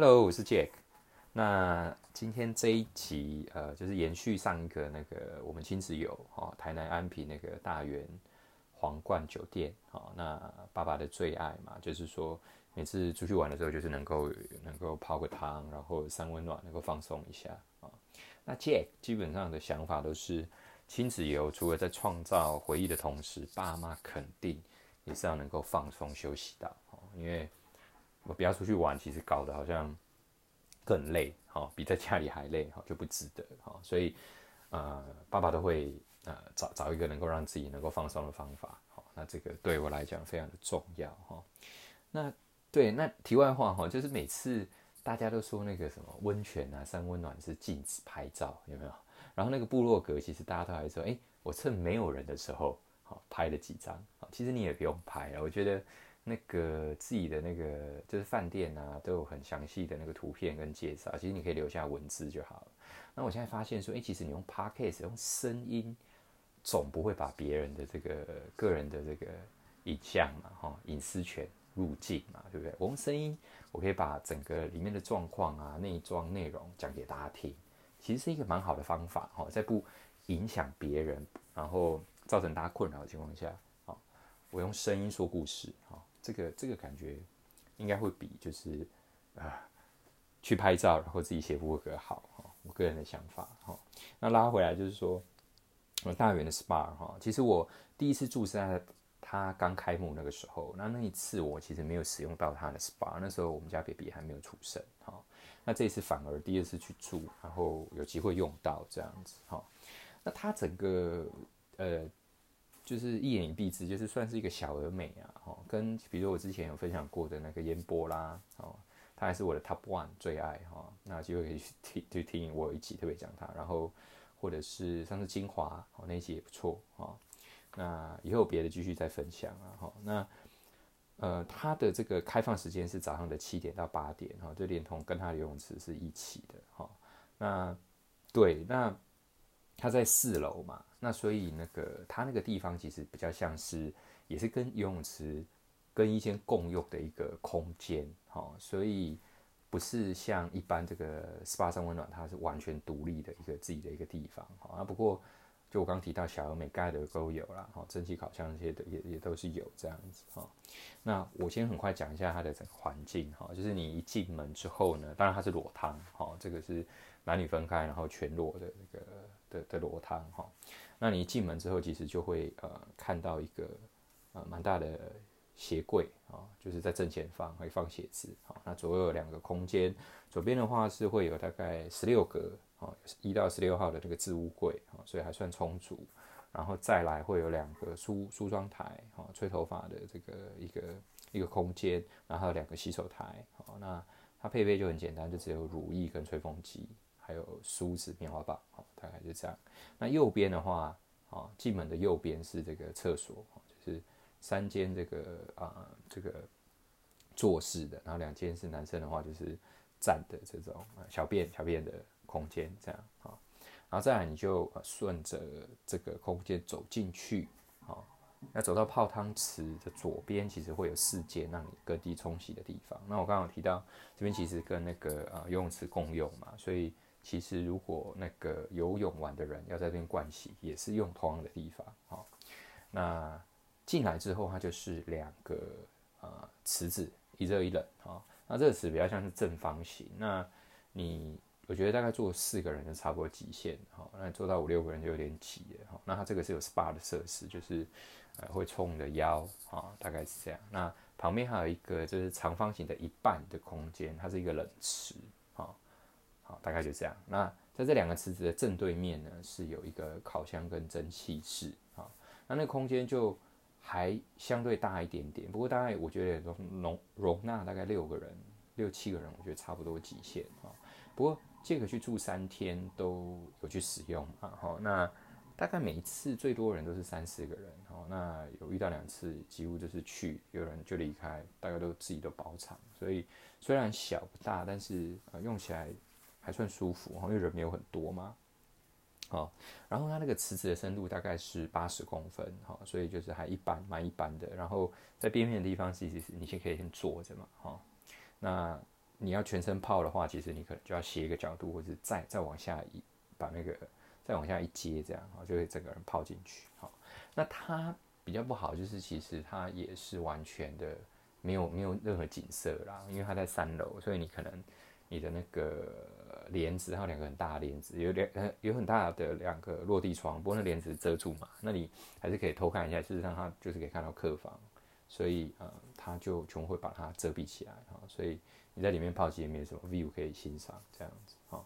Hello，我是 Jack。那今天這一集呃，就是延續上一個那個我們親子遊哈、哦，台南安平那個大員皇冠酒店哈、哦，那爸爸的最愛嘛，就是說每次出去玩的時候，就是能夠能夠泡個湯，然後三溫暖，能夠放鬆一下啊、哦。那 Jack 基本上的想法都是親子遊，除了在創造回憶的同時，爸媽肯定也是要能夠放鬆休息的哦，因爲。我不要出去玩，其實搞得好像更累，哈、哦，比在家裡還累，哈、哦，就不值得，哈、哦，所以呃，爸爸都會呃找找一個能夠讓自己能夠放鬆的方法，好、哦，那這個對我來講非常的重要，哈、哦。那對，那題外話哈、哦，就是每次大家都說那個什麼溫泉啊，三溫暖是禁止拍照，有沒有？然後那個部落格，其實大家都還說，誒，我趁沒有人的時候，好、哦、拍了幾張、哦，其實你也不用拍了，我覺得。那個自己的那個就是飯店啊，都有很詳細的那個圖片跟介紹。其實你可以留下文字就好了。那我現在發現說，哎，其實你用 Podcast 用聲音，總不會把別人的這個個人的這個影像嘛，哈、哦，隱私權入境嘛，對不對？我用聲音，我可以把整個裡面的狀況啊、內裝內容講給大家聽，其實是一個蠻好的方法，哈、哦，在不影響別人，然後造成大家困擾的情況下，哈、哦，我用聲音說故事，哈、哦。這個這個感覺，應該會比就是啊、呃，去拍照然後自己寫部落格好、哦、我個人的想法哈、哦。那拉回來就是說，我大員的 SPA 哈、哦，其實我第一次住在他，他剛開幕那個時候，那那一次我其實沒有使用到他的 SPA，那時候我們家 BB 還沒有出生哈、哦。那這一次反而第二次去住，然後有機會用到這樣子哈、哦。那他整個呃。就是一言以蔽之，就是算是一個小而美啊，哈，跟比如說我之前有分享過的那個煙波啦，哦，它還是我的 top one 最愛哈，那就可以去聽，就聽我有一集特別講他，然後或者是上次金華，哦那一集也不錯哦。那以後別的繼續再分享啊，哈，那呃它的這個開放時間是早上的七點到八點，哈，就連同跟他的游泳池是一起的，哈，那對，那。它在四樓嘛，那所以那個它那個地方其實比較像是，也是跟游泳池跟一些共用的一個空間、哦，所以不是像一般這個 SPA 三溫暖，它是完全獨立的一個自己的一個地方，哦、啊不過就我剛提到小而美，蓋的都，都有啦、哦。蒸汽烤箱這些的也也都是有這樣子，哈、哦，那我先很快講一下它的整個環境，哈、哦，就是你一進門之後呢，當然它是裸湯，哈、哦，這個是男女分開，然後全裸的那、這個。的的裸湯哈，那你一進門之後，其實就會呃看到一個呃蠻大的鞋櫃啊、哦，就是在正前方會放鞋子啊、哦。那左右有兩個空間，左邊的話是會有大概十六格啊，一、哦、到十六號的這個置物櫃、哦、所以還算充足。然後再來會有兩個梳梳妝台啊、哦，吹頭髮的這個一個一個空間，然後兩個洗手台、哦、那它配備就很簡單，就只有乳液跟吹風機。還有梳子、棉花棒，哦、大概就這樣。那右邊的話，啊、哦，進門的右邊是這個廁所，就是三間這個啊、呃，這個坐式的，然後兩間是男生的話就是站的這種小便小便的空間，這樣啊、哦。然後再來你就順着這個空間走進去、哦，那走到泡湯池的左邊，其實會有四間讓你各地沖洗的地方。那我剛剛有提到這邊其實跟那個呃游泳池共用嘛，所以。其實，如果那個游泳完的人要在這邊盥洗，也是用同樣的地方、哦、那進來之後，它就是兩個呃池子，一熱一冷、哦、那這個池比較像是正方形，那你我覺得大概坐四個人就差不多極限哈、哦。那坐到五六個人就有點擠了哈、哦。那它這個是有 SPA 的設施，就是、呃、會沖你的腰啊、哦，大概是這樣。那旁邊還有一個就是長方形的一半的空間，它是一個冷池、哦好，大概就這樣。那在這兩個池子的正對面呢，是有一個烤箱跟蒸汽室。啊，那那個空間就還相對大一點點，不過大概我覺得容容容納大概六個人，六七個人，我覺得差不多極限。不過這個去住三天都有去使用啊。好，那大概每一次最多人都是三四個人。好，那有遇到兩次幾乎就是去有人就離開，大概都自己都包場，所以雖然小不大，但是、呃、用起來。還算舒服，因為人沒有很多嘛，好、哦，然後它那個池子的深度大概是八十公分，好、哦，所以就是還一般，蠻一般的。然後在邊邊的地方，其實是你先可以先坐着嘛，哈、哦。那你要全身泡的話，其實你可能就要斜一個角度，或者是再再往下一，把那個再往下一階這樣，哦、就會整個人泡進去，好、哦。那它比較不好就是，其實它也是完全的沒有沒有任何景色啦，因為它在三樓，所以你可能。你的那個簾子，還有兩個很大的簾子，有兩呃，有很大的兩個落地窗，不過那簾子遮住嘛，那你還是可以偷看一下。事實上，它就是可以看到客房，所以呃，它就全部會把它遮蔽起來啊、哦。所以你在裡面泡澡也沒有什麼 view 可以欣賞，這樣子哈，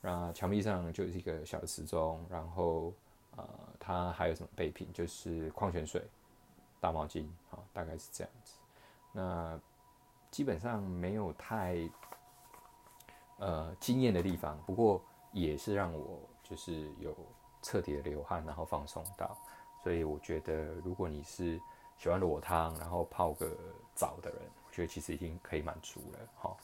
那、哦、牆壁上就是一個小的時鐘，然後呃，它還有什麼備品，就是礦泉水、大毛巾啊、哦，大概是這樣子。那基本上沒有太。呃，驚豔的地方，不過也是讓我就是有徹底的流汗，然後放鬆到，所以我覺得，如果你是喜歡裸湯，然後泡個澡的人，我覺得其實已經可以滿足了，好。